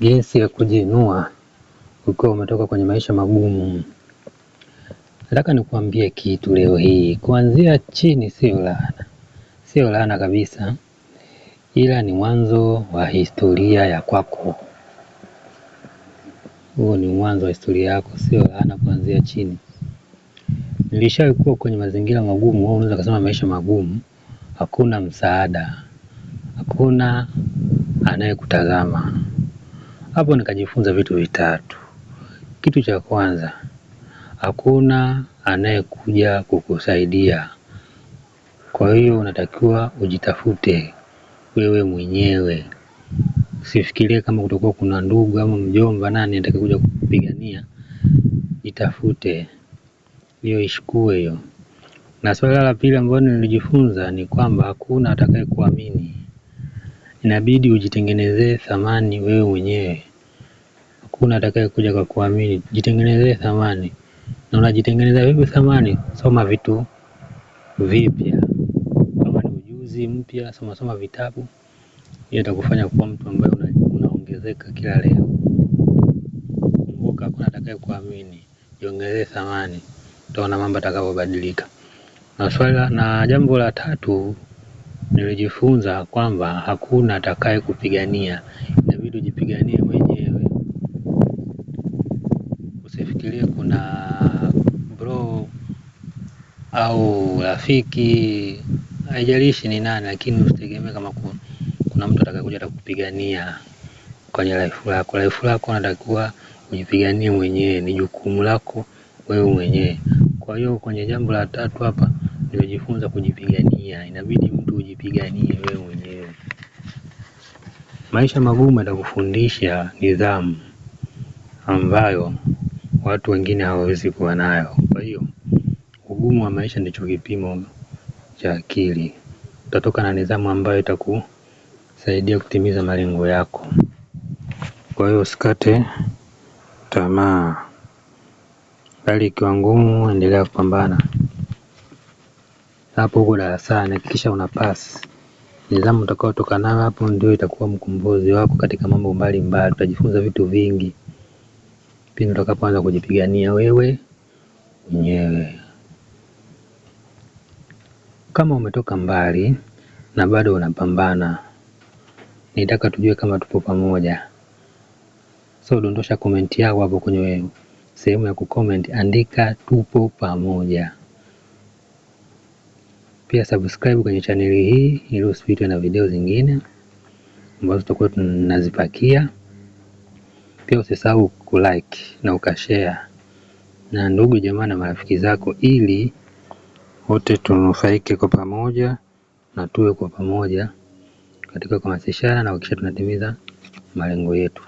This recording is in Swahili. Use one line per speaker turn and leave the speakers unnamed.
jinsi ya kujiinua ukiwa umetoka kwenye maisha magumu. Nataka nikuambie kitu leo hii, kuanzia chini sio laana, sio laana kabisa, ila ni mwanzo wa historia ya kwako. Huo ni mwanzo wa historia yako, sio laana kuanzia chini. Nilishawahi kuwa kwenye mazingira magumu, au unaweza kusema maisha magumu, hakuna msaada, hakuna anayekutazama hapo nikajifunza vitu vitatu. Kitu cha kwanza, hakuna anayekuja kukusaidia, kwa hiyo unatakiwa ujitafute wewe mwenyewe. Usifikirie kama kutakuwa kuna ndugu ama mjomba nani atakayekuja kupigania Jitafute, hiyo ishukue hiyo. Na swala la pili ambalo nilijifunza ni kwamba hakuna atakayekuamini, inabidi ujitengenezee thamani wewe mwenyewe hakuna atakaye kuja kwa kuamini. Jitengenezee thamani, na unajitengeneza vipi thamani? Soma vitu vipya, kama ni ujuzi mpya, soma soma vitabu. Hiyo itakufanya kuwa mtu ambaye unaongezeka kila leo. Kumbuka hakuna atakaye kuamini, jiongezee thamani, utaona mambo atakavyobadilika. Na swala na jambo la tatu nilijifunza kwamba hakuna atakaye kupigania, inabidi ujipiganie mwenyewe usifikirie kuna bro au rafiki, haijalishi ni nani, lakini usitegemee kama kuna mtu atakayekuja atakupigania kwenye life lako. Life lako natakiwa ujipiganie mwenyewe, ni jukumu lako wewe mwenyewe. Kwa hiyo kwenye jambo la tatu hapa nimejifunza kujipigania, inabidi mtu ujipiganie wewe mwenyewe. Maisha magumu yatakufundisha nidhamu ambayo watu wengine hawawezi kuwa nayo. Kwa hiyo ugumu wa maisha ndicho kipimo cha akili, utatoka na nidhamu ambayo itakusaidia kutimiza malengo yako. Kwa hiyo usikate tamaa, hali ikiwa ngumu, endelea kupambana. Hapo huko darasani hakikisha una pass. Nidhamu utakayotoka nayo hapo ndio itakuwa mkombozi wako katika mambo mbalimbali, utajifunza vitu vingi pindi utakapoanza kujipigania wewe mwenyewe. Kama umetoka mbali na bado unapambana, nitaka tujue kama tupo pamoja. So dondosha komenti yako hapo kwenye sehemu ya kucomment, andika tupo pamoja. Pia subscribe kwenye chaneli hii ili usipitwe na video zingine ambazo tutakuwa tunazipakia. Pia usisahau kulike na ukashare na ndugu jamaa na marafiki zako, ili wote tunufaike kwa pamoja na tuwe kwa pamoja katika kuhamasishana na kuhakikisha tunatimiza malengo yetu.